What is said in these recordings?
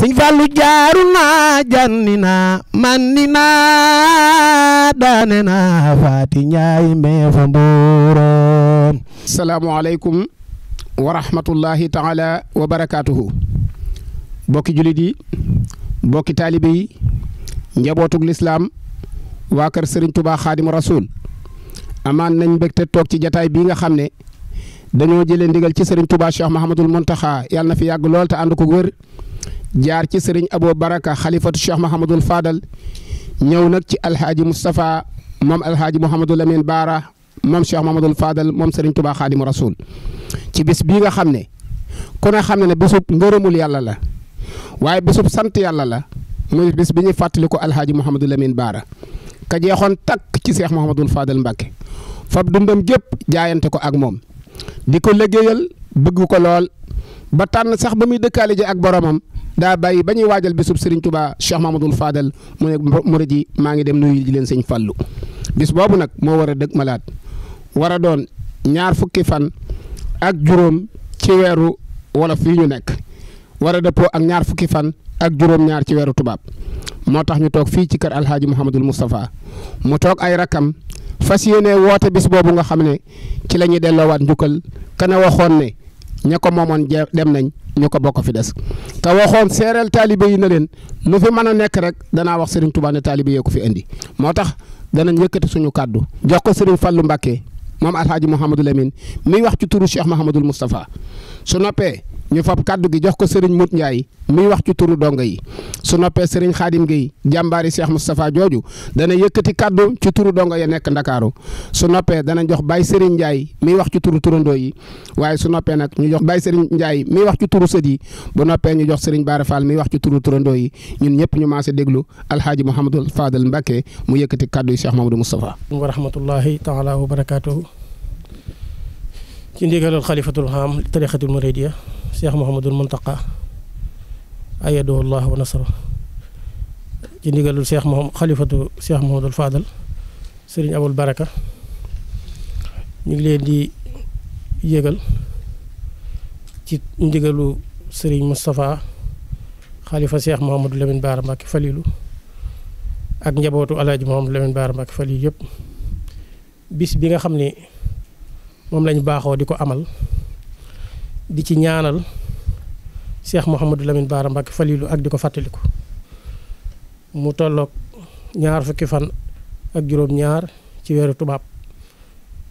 sëñ Fallu jaaru naa janni naa manni naa daane naa faati ñaay mee fa mbuuroon salaamaaleykum wa rahmatullahi taala wa bokki jullit yi bokki taalibe yi njabootug lislaam waa kër sëriñ tubaa xaadimu rasuul amaan nañ mbégte toog ci jataay bii nga xam ne dañoo jëlee ndigal ci sëriñ tubaa cheikh mahamadul montaxa yàlla na fi yàgg lool te ànd ko wér jaar ci sëriñ Abo Baraka xalifatu Cheikh Mahamadul Fadal ñëw nag ci alxaaji Moustapha moom alxaaji Mouhamadul Amin Baara moom Cheikh Mahamadul Fadal moom sëriñ Touba Xaadimu Rasul ci bis bii nga xam ne ku ne xam ne ne bésub ngërëmul yàlla la waaye bésub sant yàlla la muy bis bi ñuy fàttali ko alxaaji Mouhamadul Amin Baara ka jeexoon takk ci Cheikh Mahamadul Fadal Mbàkke fab dundam gépp jaayante ko ak moom di ko liggéeyal bëgg ko lool ba tànn sax ba muy dëkkaale ak boromam. daa bàyyi ba ñuy waajal bésub Serigne Touba Cheikh Mamadou Fadal mu ne murid yi maa ngi dem nuyu ji leen sëñ Fallou bis boobu nag moo war a dëgg malaat war a doon ñaar fukki fan ak juróom ci weeru wolof yi ñu nekk war a dëppoo ak ñaar fukki fan ak juróom-ñaar ci weeru tubaab moo tax ñu toog fii ci kër Alhaaji Mouhamadul Moustapha mu toog ay rakam fas yéene woote bis boobu nga xam ne ci la ñuy delloowaat njukkal kana waxoon ne ña ko moomoon je dem nañ ñu ko bokk fi des te waxoon seereel taalibe yi na leen lu fi mën a nekk rek danaa wax Serigne Touba ne taalibe yee ko fi indi moo tax danañ yëkkati suñu kàddu jox ko Serigne Fallou Mbacké moom Alhaaji Mouhamadou Lamine miy wax ci turu Cheikh Mouhamadul Moustapha su noppee ñu fab kàddu gi jox ko sëriñ Mut Njaay muy wax ci turu dongo yi su noppee sëriñ Xaadim Géey jàmbaari Cheikh Moustapha jooju dana yëkkati kàddu ci turu dongo ya nekk Ndakaaru su noppee dana jox Baye Sëriñ Njaay miy wax ci turu turandoo yi waaye su noppee nag ñu jox Baye Sëriñ Njaay miy wax ci turu sët yi bu noppee ñu jox sëriñ Bara Fall miy wax ci turu turandoo yi ñun ñëpp ñu maase déglu Alhaaji Mouhamadul Fadal Mbacké mu yëkkati kàddu yi Cheikh Mamadou Moustapha wa rahmatullahi taala wa barakaatuhu ci ndigalal xalifatul xam tariqatul muridiya Cheikh Mouhamadul Muntaqa ayadahu llah wa nasra ci ndigalu Cheikh Mouhamad xalifatu Cheikh Mouhamadul Fadal Serigne Abul Baraka ñu ngi leen di yëgal ci ndigalu Serigne Moustapha xalifa Cheikh Mouhamadou Lamine Bara Mbacké Falilou ak njabootu Alaaji Mouhamadou Lamine Bara Mbacké Falilou yëpp bis bi nga xam ni moom lañu baaxoo di ko amal di ci ñaanal Cheikh Mouhamadou Lamine Bara Mbacké ak di ko fàttaliku mu tollook ñaar fukki fan ak juróom ñaar ci weeru tubaab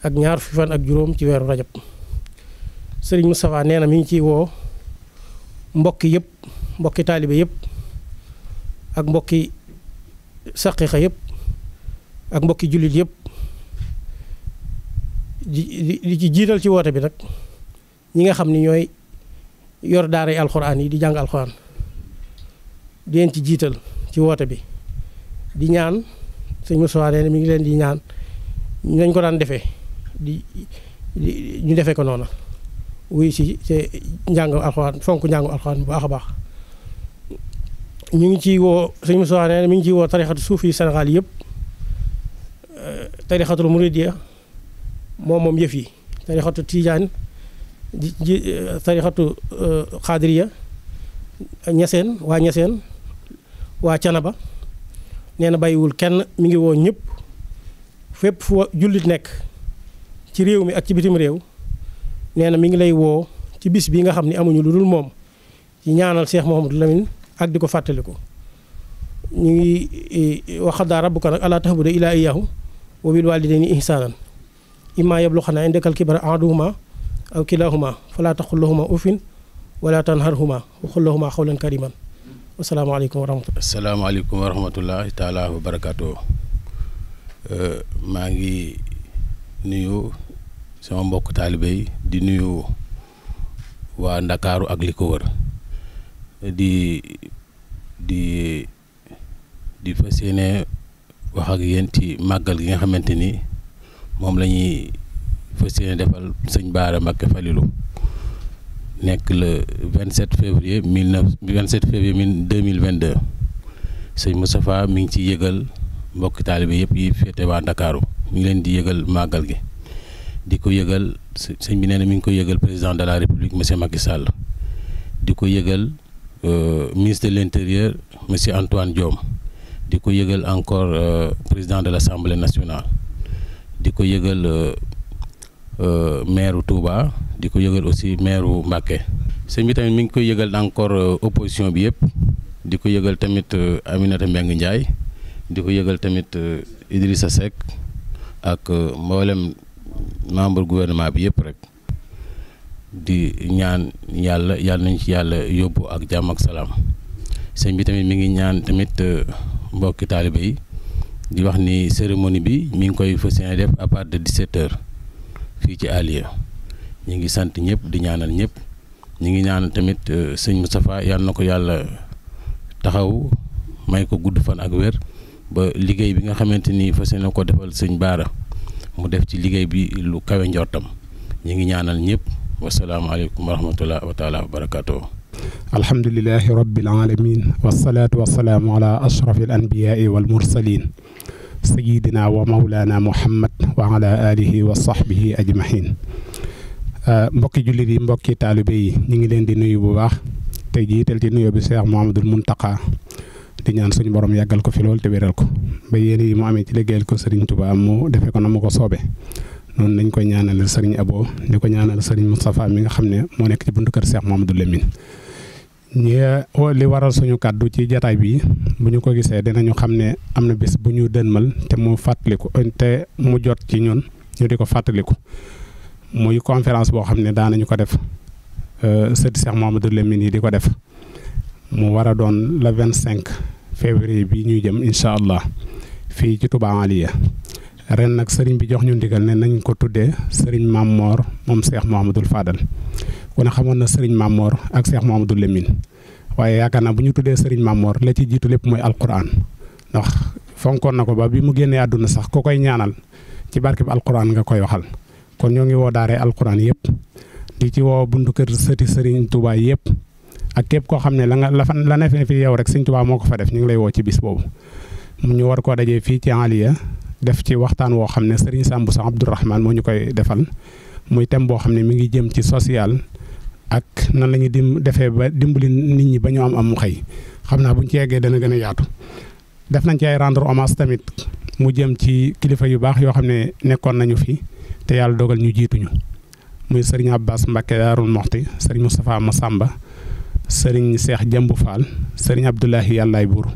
ak ñaar fukki fan ak juróom ci weeru rajab sëriñ Moustapha nee na mi ngi ciy woo mbokki yëpp mbokki taalibe yëpp ak mbokki saqiixa yépp ak mbokki jullit yépp di di ci jiital ci woote bi nag ñi nga xam ni ñooy yor daaray alxuraan yi di jàng alxuraan di leen ci jiital ci woote bi di ñaan sëñ Moussa nee mi ngi leen di ñaan nañ ko daan defee di ñu defee ko noonu wuy si te njàng alxuraan fonk njàngu alxuraan bu baax a baax ñu ngi ciy woo sëñ Moussa nee mi ngi ciy woo tarixatu suuf yi Sénégal yëpp tarixatul muridiyya moom moom yëf yi tarixatu tijaan ji tarixatu xaadiriya ñaseen waa ñaseen waa canaba nee na bàyyiwul kenn mi ngi woo ñëpp fépp fu jullit nekk ci réew mi ak ci bitim réew nee na mi ngi lay woo ci bis bi nga xam ne amuñu lu dul moom ci ñaanal Cheikh Mouhamadou Lamine ak di ko fàttaliku ñu ngi waxadaa rabbuka nag alaa taxbuda ilaa iyaahu wa bil waalidayni ihsaanan immaa yablughanna indakal kibara ahaduhumaa aw kilahuma falaa taqul lahuma ufin wala tanharhuma waxul xawlan kariman asalaamaaleykum wa rahmatulah. taalaa wa barakaatu euh, maa ngi nuyu sama mbokk taalibe di nuyu waa Ndakaaru ak li ko wër di di di fas yéene wax ak yéen màggal gi nga xamante ni moom la fas yéene defal sëñ Baara Mbacké Falilou nekk le 27 février 19 27 février 2022 sëñ Moustapha mi ngi ci yëgal mbokki taalibe yëpp yi féete waa Ndakaaru mi ngi leen di yëgal màggal gi di ko yëgal sëñ bi nee na mi ngi ko yëgal président de la république monsieur Macky Sall di ko yëgal euh, ministre de l'intérieur monsieur Antoine Diome di ko yëgal encore euh, président de l'Assemblée nationale di ko yëgal. Euh, Euh, maire Touba di ko yëgal aussi maire Mbacké sëñ bi tamit mi ngi koy yëgal encore euh, opposition bi yëpp di ko yëgal tamit euh, Aminata Mbengue Ndiaye di ko yëgal tamit sa Seck ak mboolem membre gouvernement bi yëpp rek di ñaan yàlla yàlla nañ ci yàlla yóbbu ak jàmm ak salaam sëñ bi tamit mi ngi ñaan tamit mbokki taalibe yi di wax ni cérémonie bi mu ngi koy fas yéene def à partir de di heures. fii ci Alieu ñu ngi sant ñëpp di ñaanal ñëpp ñu ngi ñaanal tamit euh, sëñ Moustapha yàlla na ko yàlla taxaw may ko gudd fan ak wér ba liggéey bi nga xamante ni fas yéene ko defal sëñ Baara mu def ci liggéey bi lu kawe njortam ñu ngi ñaanal ñëpp wasalaamaaleykum wa rahmatulah wa taala wa barakaatu. alhamdulilahi rabbil alamin wasalaatu wasalaamu ala ashrafil anbiyaai wal mursalin sayidina wa maulana muhammad wa ala alihi wa sahbihi ajmahin euh, mbokki jullit yi mbokki taalibe yi ñu ngi leen di nuyu bu baax te jiital ci nuyoo bi Cheikh Mouhamadul Mountakha di ñaan suñu borom yàggal ko fi lool te wéral ko ba yéen yi mu amee ci liggéeyal ko Serigne Touba mu defe ko na mu ko soobee noonu lañ koy ñaanal Serigne Abo di ko ñaanal Serigne Moustapha mi nga xam ne moo nekk ci buntu kër Cheikh Mouhamadul Lamine ñee li waral suñu kàddu ci jataay bii bu ñu ko gisee dinañu xam ne am na bis bu ñu dënmal te mu fàttaliku te mu jot ci ñun ñu di ko fàttaliku muy conférence boo xam ne daanañu ko def euh, sëti Cheikh Mouhamadou Lamine yi di ko def mu war a doon la vingt cinq février bi ñuy jëm incha allah fii ci Touba Aliya ren nag sëriñ bi jox ñu ndigal ne nañ ko tuddee sëriñ Mamor moom Cheikh Mouhamadou Fadal ku xamoon na Serigne Mamor ak Cheikh du lemin waaye yaakaar naa bu ñu tuddee Serigne Mamor la ci jiitu lépp mooy alquran ndax fonkoon na ko ba bi mu génnee àdduna sax ku koy ñaanal ci barkeb alquran nga koy waxal kon ñoo ngi woo daaree alquran yëpp di ci woo buntu kër sëti Serigne Touba yëpp ak képp koo xam ne la nga la fa la ne fi yow rek Serigne Touba moo ko fa def ñu ngi lay woo ci bis boobu. ñu war koo dajee fii ci Aliya def ci waxtaan woo xam ne Serigne Samb sax Abdourahman moo ñu koy defal muy thème boo xam ne mi ngi jëm ci social ak nan la ñuy defee ba dimbali nit ñi ba ñu am am xëy xam naa bu ñu ci yeggee dana gën a yaatu. def nañ ci ay rendre hommage tamit mu jëm ci kilifa yu baax yoo xam ne nekkoon nañu fi te yàlla dogal ñu jiituñu muy sëriñ Abbas Mbacke Daarul Moxti sëriñ Moustapha Massamba sëriñ Cheikh Jëmbu Fall sëriñ Abdoulahi Yàllaay Buur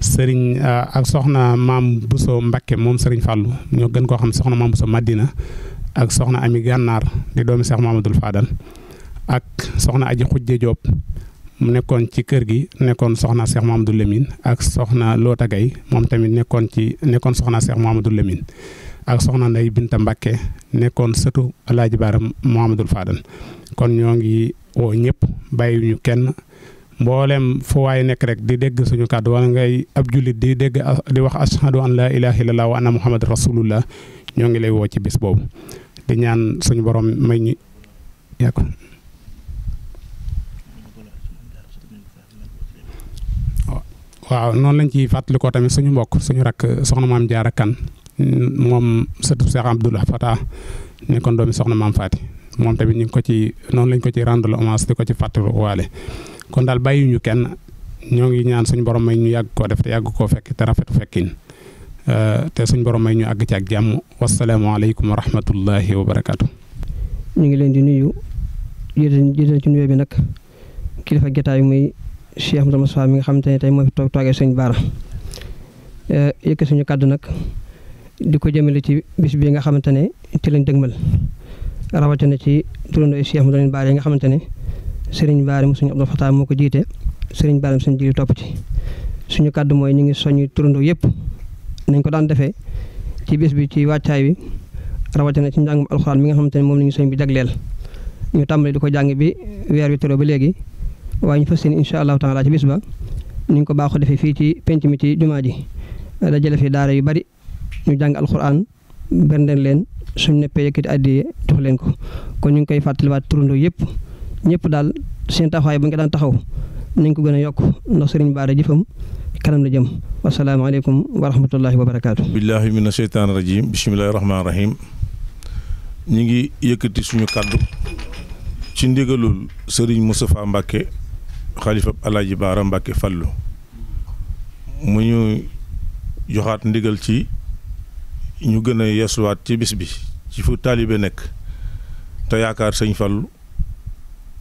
sëriñ euh, ak soxna maam Bousso Mbacke moom sëriñ Fallou ñoo gën koo xam soxna maam Bousso Madina ak soxna Ami Gànnaar di doomi Cheikh Mamadou Fadal. ak soxna aji xujje Jóob mu nekkoon ci kër gi nekkoon soxna Cheikh Mamadou lemin ak soxna Loota Gay moom tamit nekkoon ci nekkoon soxna Cheikh Mamadou lemin ak soxna Ndey Binta Mbàkke nekkoon sëtu Alaaji Baara Mamadou Fadal kon ñoo ngi woo bàyyi bàyyiwuñu kenn mboolem fu waay nekk rek di dégg suñu kàddu wala ngay ab jullit di dégg a di wax ashhadu an laa ilaaha illallaah wa anna muhammad rasulullah ñoo ngi lay woo ci bis boobu di ñaan suñu borom may ñu waaw noonu lañ ciy fàttalikoo tamit suñu mbokk suñu rakk soxna maam Jaara Kan moom sëtu Cheikh Abdoul Fatah nekkoon doomi soxna maam Faati moom tamit ñu ngi ko ci noonu lañ ko ci rendre hommage di ko ci fàttaliku waale kon daal bàyyiwuñu kenn ñoo ngi ñaan suñu borom may ñu yàgg koo def te yàgg koo fekk te rafetu fekkin te suñ borom may ñu àgg ci ak jàmm wasalaamaaleykum wa wa barakaatu. ñu ngi leen di nuyu yéen ci nuyoo bi nag kilifa Cheikh Mouhamadou Moustapha mi nga xamante ne tey moo fi toog toogee suñu baara eh, yëkk suñu kàddu nag di ko jëmale ci bis bi nga xamante ne ci lañ dëgmal rawatina ci turandoo Cheikh Mouhamadou Baara yi nga xamante ne Serigne Baara suñu Abdou moo ko jiite Serigne Baara mu suñu topp ci suñu kàddu mooy ñu ngi soññu turandoo yëpp nañ ko daan defee ci bis bi ci wàccaay bi rawatina ci njàngum alxuraan mi nga xamante ne moom la ngi sëñ bi jagleel ñu tàmbali di ko jàng bi weer wi tero ba léegi. waaye ñu fas yéene incha allahu taala ci bis ba ni ñu ko baaxoo defee fii ci penc mi ci jumaa ji dajale fi daara yu bari ñu jàng alquran berndeel leen suñ neppee yëkkati addi jox leen ko kon ñu ngi koy fàttaliwaat turandoo yëpp ñëpp daal seen taxawaay bu nga daan taxaw nañ ko gën a yokk ndox sëriñ Baara jëfam kanam la jëm wasalaamaaleykum wa rahmatullahi wa barakaatu. billahi mina sheytaani rajim bismillahi rahmaani rahim ñu ngi yëkkati suñu kàddu ci ndigalul sëriñ Moustapha Mbacke xalifa alaaji baara mbàkke fàllu mu ñu joxaat ndigal ci ñu gën a yeesuwaat ci bis bi ci fu taalibe nekk te yaakaar sëñ fàllu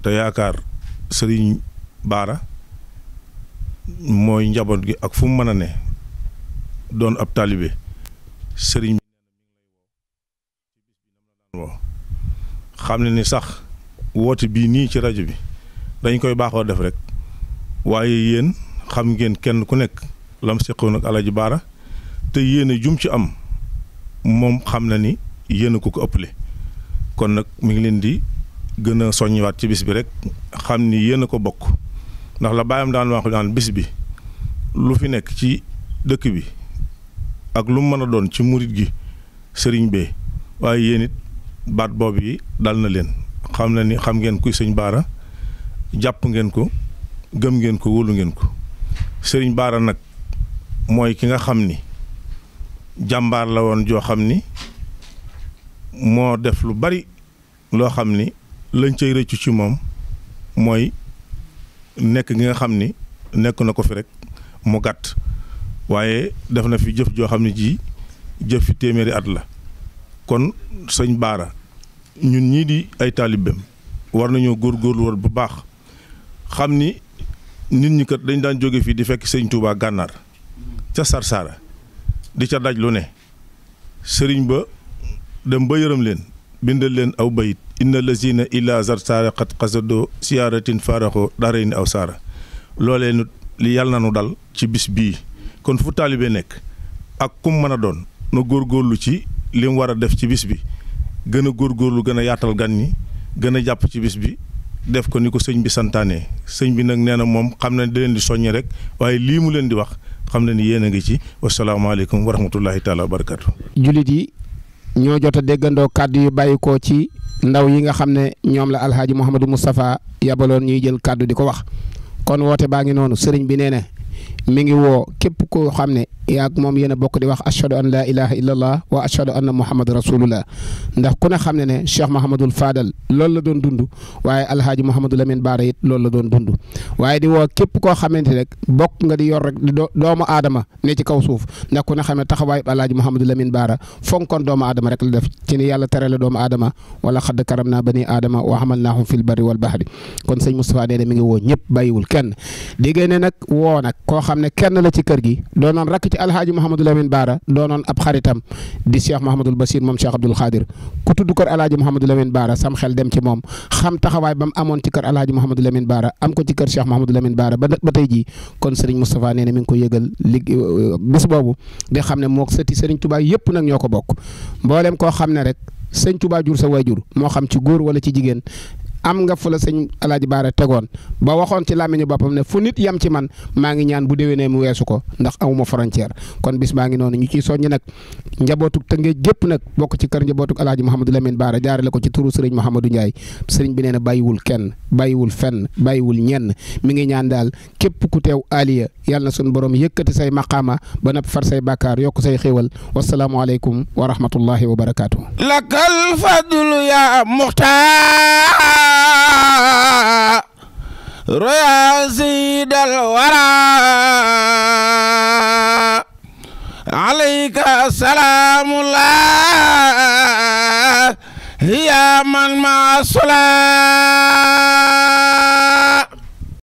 te yaakaar sëriñ baara mooy njaboot gi ak fu mu mën a ne doon ab taalibe sëriñ xam ne ni sax woote bii nii ci rajo bi dañ koy baaxoo def rek waaye yéen xam ngeen kenn ku nekk lam seqoon ak Alaaji Baara te yéen a jum ci am moom xam na ni yéen a ko ko ëpple kon nag mi ngi leen di gën a soññiwaat ci bis bi rek xam ni yéen ko bokk ndax la baayam daan wax daan bis bi lu fi nekk ci dëkk bi ak lu mën a doon ci murit gi sëriñ bee waaye yéen it baat boobu yi dal na leen xam na ni xam ngeen kuy sëñ Baara jàpp ngeen ko. gëm ngeen ko wóolu ngeen ko sëriñ Baara nag mooy ki nga xam ni jàmbaar la woon joo xam ni moo def lu bari loo xam ni lañ cay rëccu ci moom mooy nekk ki nga xam ni nekk na ko fi rek mu gàtt waaye def na fi jëf joo xam ne ji jëf fi téeméeri at la kon sëñ Baara ñun ñii di ay taalibeem war nañoo góor woon bu baax xam ni nit ñi kat dañ daan jóge fii di fekk sëñ Touba gànnaar ca Sarsara di ca daj lu ne sëriñ ba dem ba yërëm leen bindal leen aw bayit inna lazina illa Sarsara xat xasado siyaaratin faaraxo darayni aw saara loolee nu li yàlla na nu dal ci bis bii kon fu taalibe nekk ak kum mën a doon na góor góorgóorlu ci li mu war a def ci bis bi gën a góorgóorlu gën a yaatal gan ñi gën a jàpp ci bis bi def ko ni ko sëñ bi santaane sëñ bi nag nee na moom xam na daleen di soññ rek waaye lii mu leen di wax xam na ni yéen a ngi ci wasalaamaaleykum wa rahmatullahi taala wa barakatu jullit yi ñoo jot a déggandoo kàddu yu bàyyikoo ci ndaw yi nga xam ne ñoom la alhaaji Mouhamadou Moustapha yabaloon ñuy jël kàddu di ko wax kon woote baa ngi noonu sëriñ bi nee na mi ngi woo képp koo xam ne yaa ak moom yéen a bokk di wax ashhadu an laa ilaha illallah wa ashhadu anna muhammad rasulullah ndax ku ne xam ne ne Cheikh Mahamadul Fadal loolu la doon dund waaye alhaaji Mouhamadou Lamine Baara it loolu la doon dund waaye di woo képp koo xamante rek bokk nga di yor rek di doomu aadama ne ci kaw suuf ndax ku ne xam ne taxawaayu alhaaji Mouhamadou Lamine Baara fonkoon doomu aadama rek la def ci ni yàlla tere la doomu aadama wala xadd karam naa bani aadama wa hamalnaahum fil barri wal bahri kon sëñ Moustapha nee na mi ngi woo ñëpp bàyyiwul kenn diggéene nag woo nag koo xam xam ne kenn la ci kër gi doonoon rakk ci alhaaji Mouhamadul Amin Baara doonoon ab xaritam di Cheikh Mouhamadul Basir moom Cheikh Abdoul Khadir ku tudd kër alhaaji Mouhamadul Amin Baara sam xel dem ci moom xam taxawaay ba mu amoon ci kër alhaaji Mouhamadul Amin Baara am ko ci kër Cheikh Mouhamadul Amin Baara ba ba tey jii kon Serigne Moustapha nee na mi ngi ko yëgal ligg euh, boobu di xam ne moo sëti Serigne Touba yëpp nag ñoo ko bokk mbooleem koo xam ne rek Sëñ Touba jur moo xam ci góor wala ci jigéen am nga fu la sëñ Alaaji Baara tegoon ba waxoon ci làmmiñu boppam ne fu nit yam ci man maa ngi ñaan bu déwénee mu weesu ko ndax amuma frontière kon bis maa ngi noonu ñu ciy soññ nag njabootuk Tëngéej gépp nag bokk ci kër njabootuk Alaaji Mouhamadou Lamine Baara jaarale ko ci turu sëriñ Mouhamadou Ndiaye sëriñ bi nee na bàyyiwul kenn bàyyiwul fenn bàyyiwul ñenn mi ngi ñaan daal képp ku teew aliya yàlla na suñu borom yëkkati say maqaama ba napp far say roya sayyidal wara alayka salaamullah ya man ma sola